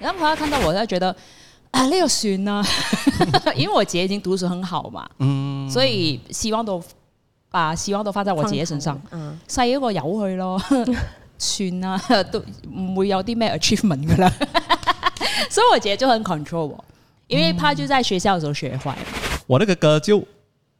然後佢要看到我，佢覺得啊，呢個算啦，啊、 因為我姐已經讀書很好嘛，嗯、所以希望都把希望都放在我姐姐身上，心，細、嗯、一個由佢咯，算 啦、啊，都唔會有啲咩 achievement 噶啦， 所以我姐就很 control，我，因為怕就在學校的時候學壞。我那個哥就。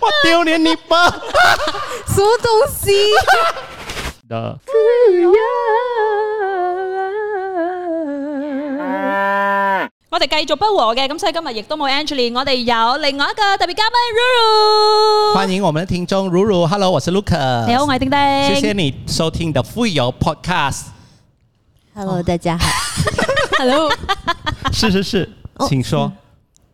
丟哈哈 我丟你，你爸，什麼東西？我不要。我哋繼續不和嘅，咁所以今日亦都冇 Angeline 我哋有另外一個特別嘉賓 Ruru。歡迎我們的聽眾 Ruru，Hello，我是 Lucas。你好，我係丁丁。謝謝你收聽 The Fuyoh Podcast。Hello，大家好。 Hello 是。是是是，oh. 請說。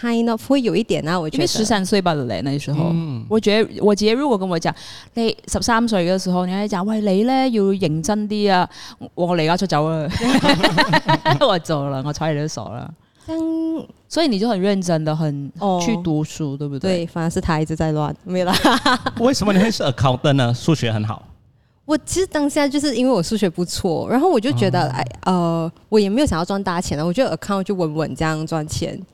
Kind of, 會有一點啊，我覺得十三歲吧，雷那時候，嗯、我覺得我姐如果跟我講，你十三歲的時候，你還講喂，你咧要認真啲啊，我離家出走啦，嗯、 我走了我睬你都傻啦。咁、嗯、所以你就很認真的，的很，很去讀書，哦，對不對？對，反而是他一直在亂，冇啦。為什麼你會是 accountant 呢？數學很好。 我其實當下就是因為我數學不錯，然後我就覺得，誒、嗯，呃，我也沒有想要賺大錢啦，我覺得 account 就穩穩這樣賺錢。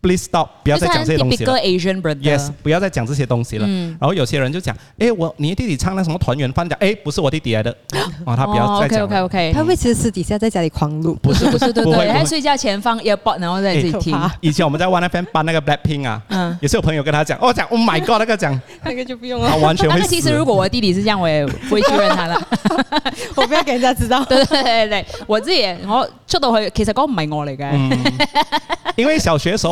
Please stop，不要再講這些東西。Yes，不要再講這些東西了。嗯、然後有些人就講，哎、欸，我你弟弟唱那什麼團圓飯，講，哎、欸，不是我弟弟嚟的，哦，他不要再講、哦、OK OK OK，他會其實私底下在家裡狂錄。不是不是，對 對，他在睡覺前放 AirPod 然後再自己聽。欸、以前我們在 One FM 播那個 Black Pink 啊，啊，也是有朋友跟他講，我、哦、講 Oh my God，那個講，那 個就不用了。他完全會。但但其實如果我弟弟是這樣，我也不會去認他啦。 我不要俾人家知道。 對對對，對，對，對我自己我出到去，其實嗰個唔係我嚟嘅、嗯，因為小學時候。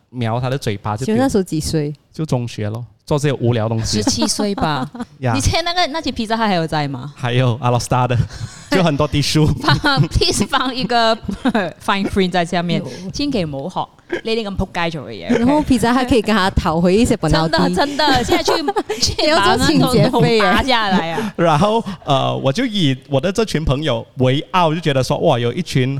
瞄他的嘴巴就。就那時候幾歲？就中學咯，做這些無聊東西。十七歲吧。以、yeah. 前那個那些 Pizza Hut 還還有在嗎？還有阿羅斯塔的，就很多的書。 放 please 放一個 fine print 在下面，千祈唔好學呢啲咁扑街做嘅嘢。 然後 Pizza Hut 還可以跟他討回一些本來。 真的真的，現在去， 去把那桶 拔下來啊！然後呃，我就以我的這群朋友為傲，就覺得說哇，有一群。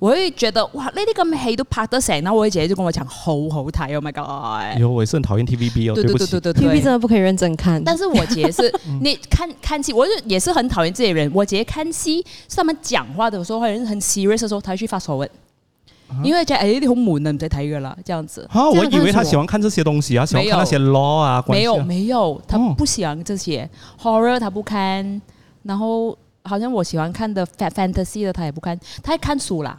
我會覺得哇，Lady 呢啲咁嘅戲都拍得成，然後我姐姐就跟我講，好好睇，Oh my God！然、oh, 後我也是很討厭 TVB 哦，對對對對，TVB 真的不可以認真看。 但是我姐,姐是你看看戲，我就也是很討厭這些人。我姐姐看戲，上面講話的時候，或者係很 serious 的時候，佢去發新文、啊。因為就係呢啲好悶嘅，哎、你猛在台睇了啦，這樣子。啊、哦，我以為她喜歡看這些東西啊，喜歡看那些 law 啊，沒有關係、啊、沒有，她不喜歡這些、哦、horror，她不看。然後好像我喜歡看的 fantasy 的，她也不看，她還看書啦。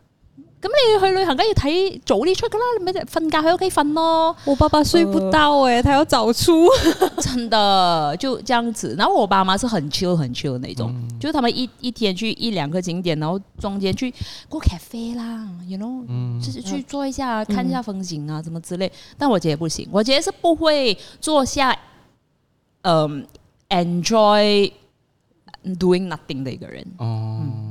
咁你去旅行梗要睇早啲出噶啦，你咪就瞓覺喺屋企瞓咯。我爸爸睡不到誒、欸呃，他要早出， 真的就這樣子。然後我爸媽是很 chill 很 chill 那種，嗯、就他們一一天去一兩個景點，然後中間去過 cafe 啦，you know，就、嗯、是去，去坐一下，看一下風景啊，什麼之類。但我姐姐不行，我姐姐是不會坐下，嗯、呃、，enjoy doing nothing 的一個人。嗯嗯。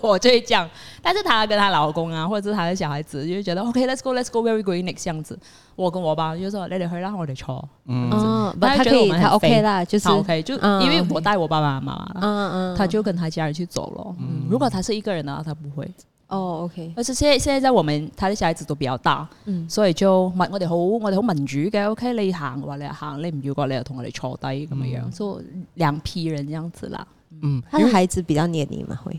我 就會講，但是她跟她老公啊，或者是她的小孩子，就會覺得 OK，Let's、okay, go，Let's go，very good，這樣子。我跟我爸就說那裏會讓我哋坐，嗯，嗯他可以，他 OK 啦，就是 OK，就因為我帶我爸爸媽媽，嗯嗯，他就跟他家人去走了、嗯。如果他是一個人的話，他不會。哦、嗯、，OK，而且現在現在，在我們他的小孩子都比較大，嗯，所以就我們我哋好我哋好民主嘅，OK，你行嘅話你就行，你唔要嘅你就同我哋坐低咁樣樣，做、嗯、兩、嗯、批人這樣子啦。嗯，他的孩子比較黏你嘛，會。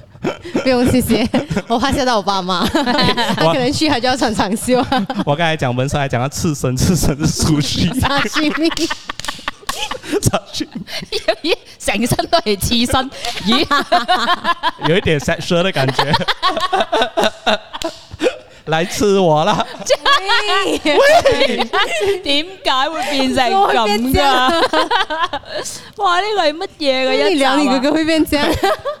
不用謝謝，我怕嚇到我爸媽，他可能去還就要穿長袖。我剛才講紋身，刺身，還講到刺身，刺身是 Sushi？Sushi？成身都係刺身，有一點 s e x 的感覺， 來刺我啦。點解會變成咁樣成？哇，呢、這個係乜嘢？噶一聊你哥哥會變成這樣。